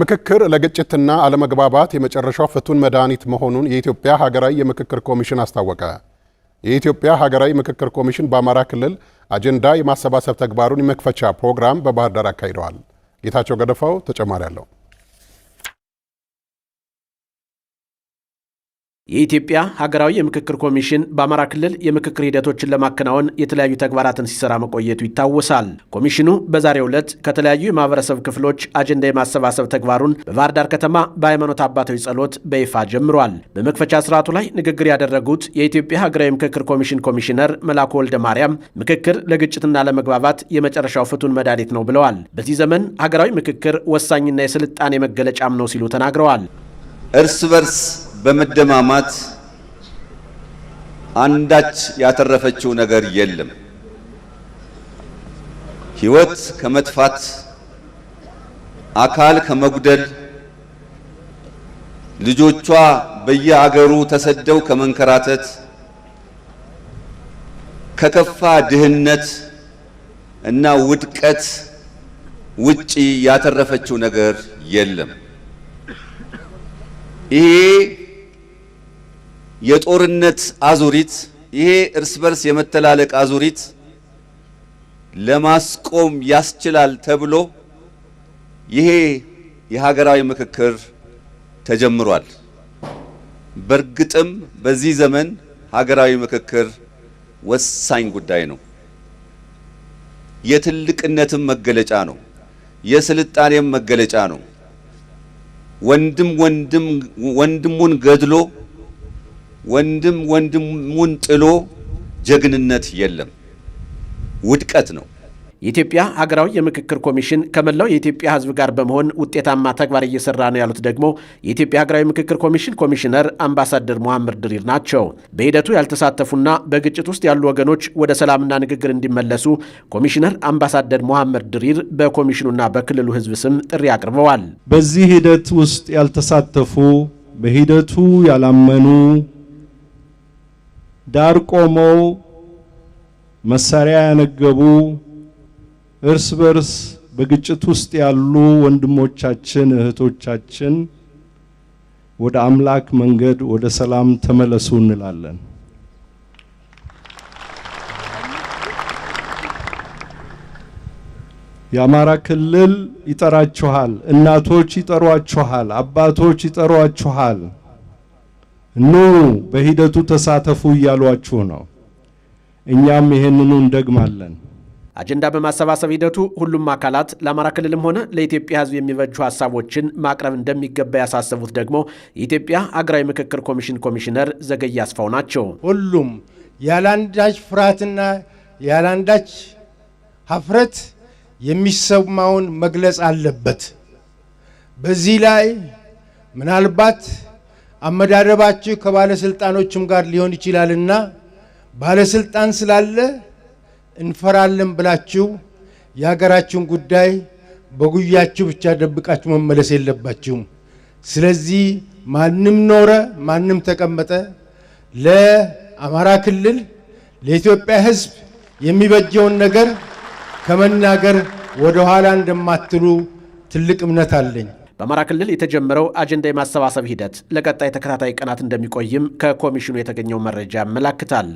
ምክክር ለግጭትና አለመግባባት የመጨረሻው ፍቱን መድኃኒት መሆኑን የኢትዮጵያ ሀገራዊ የምክክር ኮሚሽን አስታወቀ። የኢትዮጵያ ሀገራዊ ምክክር ኮሚሽን በአማራ ክልል አጀንዳ የማሰባሰብ ተግባሩን የመክፈቻ ፕሮግራም በባህር ዳር አካሂደዋል። ጌታቸው ገደፋው ተጨማሪ አለው። የኢትዮጵያ ሀገራዊ የምክክር ኮሚሽን በአማራ ክልል የምክክር ሂደቶችን ለማከናወን የተለያዩ ተግባራትን ሲሰራ መቆየቱ ይታወሳል። ኮሚሽኑ በዛሬው ዕለት ከተለያዩ የማህበረሰብ ክፍሎች አጀንዳ የማሰባሰብ ተግባሩን በባህር ዳር ከተማ በሃይማኖት አባታዊ ጸሎት በይፋ ጀምሯል። በመክፈቻ ስርዓቱ ላይ ንግግር ያደረጉት የኢትዮጵያ ሀገራዊ ምክክር ኮሚሽን ኮሚሽነር መላኩ ወልደ ማርያም ምክክር ለግጭትና ለመግባባት የመጨረሻው ፍቱን መድኃኒት ነው ብለዋል። በዚህ ዘመን ሀገራዊ ምክክር ወሳኝና የስልጣኔ መገለጫም ነው ሲሉ ተናግረዋል። እርስ በርስ በመደማማት አንዳች ያተረፈችው ነገር የለም። ሕይወት ከመጥፋት አካል ከመጉደል ልጆቿ በየአገሩ ተሰደው ከመንከራተት ከከፋ ድህነት እና ውድቀት ውጪ ያተረፈችው ነገር የለም። ይሄ የጦርነት አዙሪት ይሄ እርስ በርስ የመተላለቅ አዙሪት ለማስቆም ያስችላል ተብሎ ይሄ የሀገራዊ ምክክር ተጀምሯል። በእርግጥም በዚህ ዘመን ሀገራዊ ምክክር ወሳኝ ጉዳይ ነው። የትልቅነትም መገለጫ ነው። የስልጣኔም መገለጫ ነው። ወንድም ወንድም ወንድሙን ገድሎ ወንድም ወንድሙን ጥሎ ጀግንነት የለም፣ ውድቀት ነው። የኢትዮጵያ ሀገራዊ የምክክር ኮሚሽን ከመላው የኢትዮጵያ ሕዝብ ጋር በመሆን ውጤታማ ተግባር እየሰራ ነው ያሉት ደግሞ የኢትዮጵያ ሀገራዊ ምክክር ኮሚሽን ኮሚሽነር አምባሳደር መሐመድ ድሪር ናቸው። በሂደቱ ያልተሳተፉና በግጭት ውስጥ ያሉ ወገኖች ወደ ሰላምና ንግግር እንዲመለሱ ኮሚሽነር አምባሳደር መሐመድ ድሪር በኮሚሽኑና በክልሉ ሕዝብ ስም ጥሪ አቅርበዋል። በዚህ ሂደት ውስጥ ያልተሳተፉ በሂደቱ ያላመኑ ዳር ቆመው መሳሪያ ያነገቡ እርስ በርስ በግጭት ውስጥ ያሉ ወንድሞቻችን እህቶቻችን ወደ አምላክ መንገድ ወደ ሰላም ተመለሱ እንላለን። የአማራ ክልል ይጠራችኋል፣ እናቶች ይጠሯችኋል፣ አባቶች ይጠሯችኋል። ኑ በሂደቱ ተሳተፉ እያሏችሁ ነው። እኛም ይህንኑ እንደግማለን። አጀንዳ በማሰባሰብ ሂደቱ ሁሉም አካላት ለአማራ ክልልም ሆነ ለኢትዮጵያ ሕዝብ የሚበጁ ሀሳቦችን ማቅረብ እንደሚገባ ያሳሰቡት ደግሞ የኢትዮጵያ አገራዊ ምክክር ኮሚሽን ኮሚሽነር ዘገየ አስፋው ናቸው። ሁሉም ያላንዳች ፍርሃትና ያላንዳች ሀፍረት የሚሰማውን መግለጽ አለበት። በዚህ ላይ ምናልባት አመዳረባችሁ ከባለስልጣኖችም ጋር ሊሆን ይችላልና ባለስልጣን ስላለ እንፈራለን ብላችሁ የሀገራችሁን ጉዳይ በጉያችሁ ብቻ ደብቃችሁ መመለስ የለባችሁም። ስለዚህ ማንም ኖረ ማንም ተቀመጠ ለአማራ ክልል ለኢትዮጵያ ሕዝብ የሚበጀውን ነገር ከመናገር ወደ ኋላ እንደማትሉ ትልቅ እምነት አለኝ። በአማራ ክልል የተጀመረው አጀንዳ የማሰባሰብ ሂደት ለቀጣይ ተከታታይ ቀናት እንደሚቆይም ከኮሚሽኑ የተገኘው መረጃ ያመላክታል።